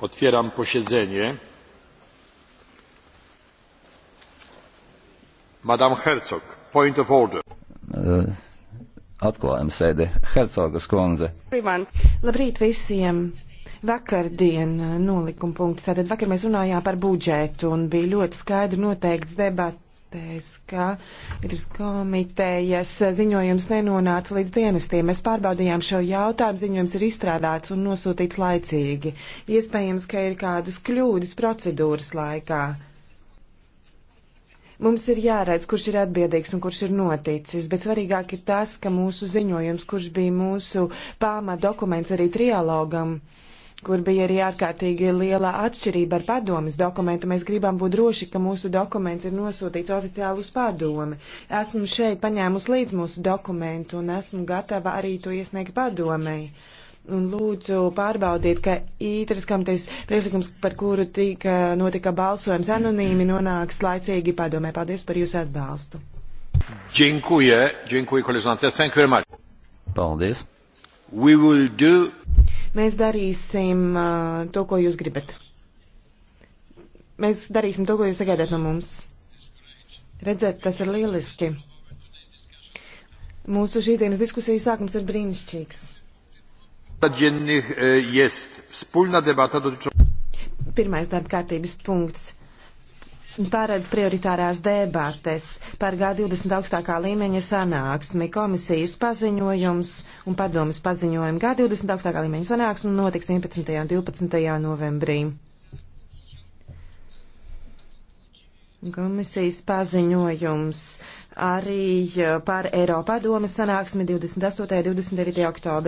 otwieram posiedzenie madam herczog point of order e, atklājam sēdi hercogas kundze Everyone. labrīt visiem Vakardien nolikuma punkts. Tātad vakar mēs runājām par budžetu un bija ļoti skaidri noteikts debats konstatējis, ka Idris komitejas ziņojums nenonāca līdz dienestiem. Mēs pārbaudījām šo jautājumu, ziņojums ir izstrādāts un nosūtīts laicīgi. Iespējams, ka ir kādas kļūdas procedūras laikā. Mums ir jāredz, kurš ir atbildīgs un kurš ir noticis, bet svarīgāk ir tas, ka mūsu ziņojums, kurš bija mūsu pāma dokuments arī trialogam, uh, kur bija arī ārkārtīgi lielā atšķirība ar padomas dokumentu. Mēs gribam būt droši, ka mūsu dokuments ir nosūtīts oficiāli uz padomi. Esmu šeit paņēmusi līdz mūsu dokumentu un esmu gatava arī to iesniegt padomēji. Un lūdzu pārbaudiet, ka ītras, kam tas priekšlikums, par kuru tika notika balsojums anonīmi, nonāks laicīgi padomē. Paldies par jūsu atbalstu. Dziękuję, dziękuję koleżance. Thank you very much. Paldies. We will do Mēs darīsim uh, to, ko jūs gribat. Mēs darīsim to, ko jūs sagaidāt no mums. Redzēt, tas ir lieliski. Mūsu šīdienas diskusiju sākums ir brīnišķīgs. Eh, Pirmais darba kārtības punkts paredz prioritārās debates par G20 augstākā līmeņa sanāksmi, komisijas paziņojums un padomas paziņojumu. G20 augstākā līmeņa sanāksmi notiks 11. un 12. novembrī. Komisijas paziņojums arī par Eiropadomas sanāksmi 28. un 29. oktobrī.